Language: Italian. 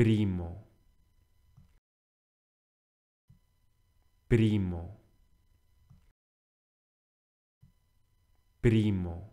primo primo primo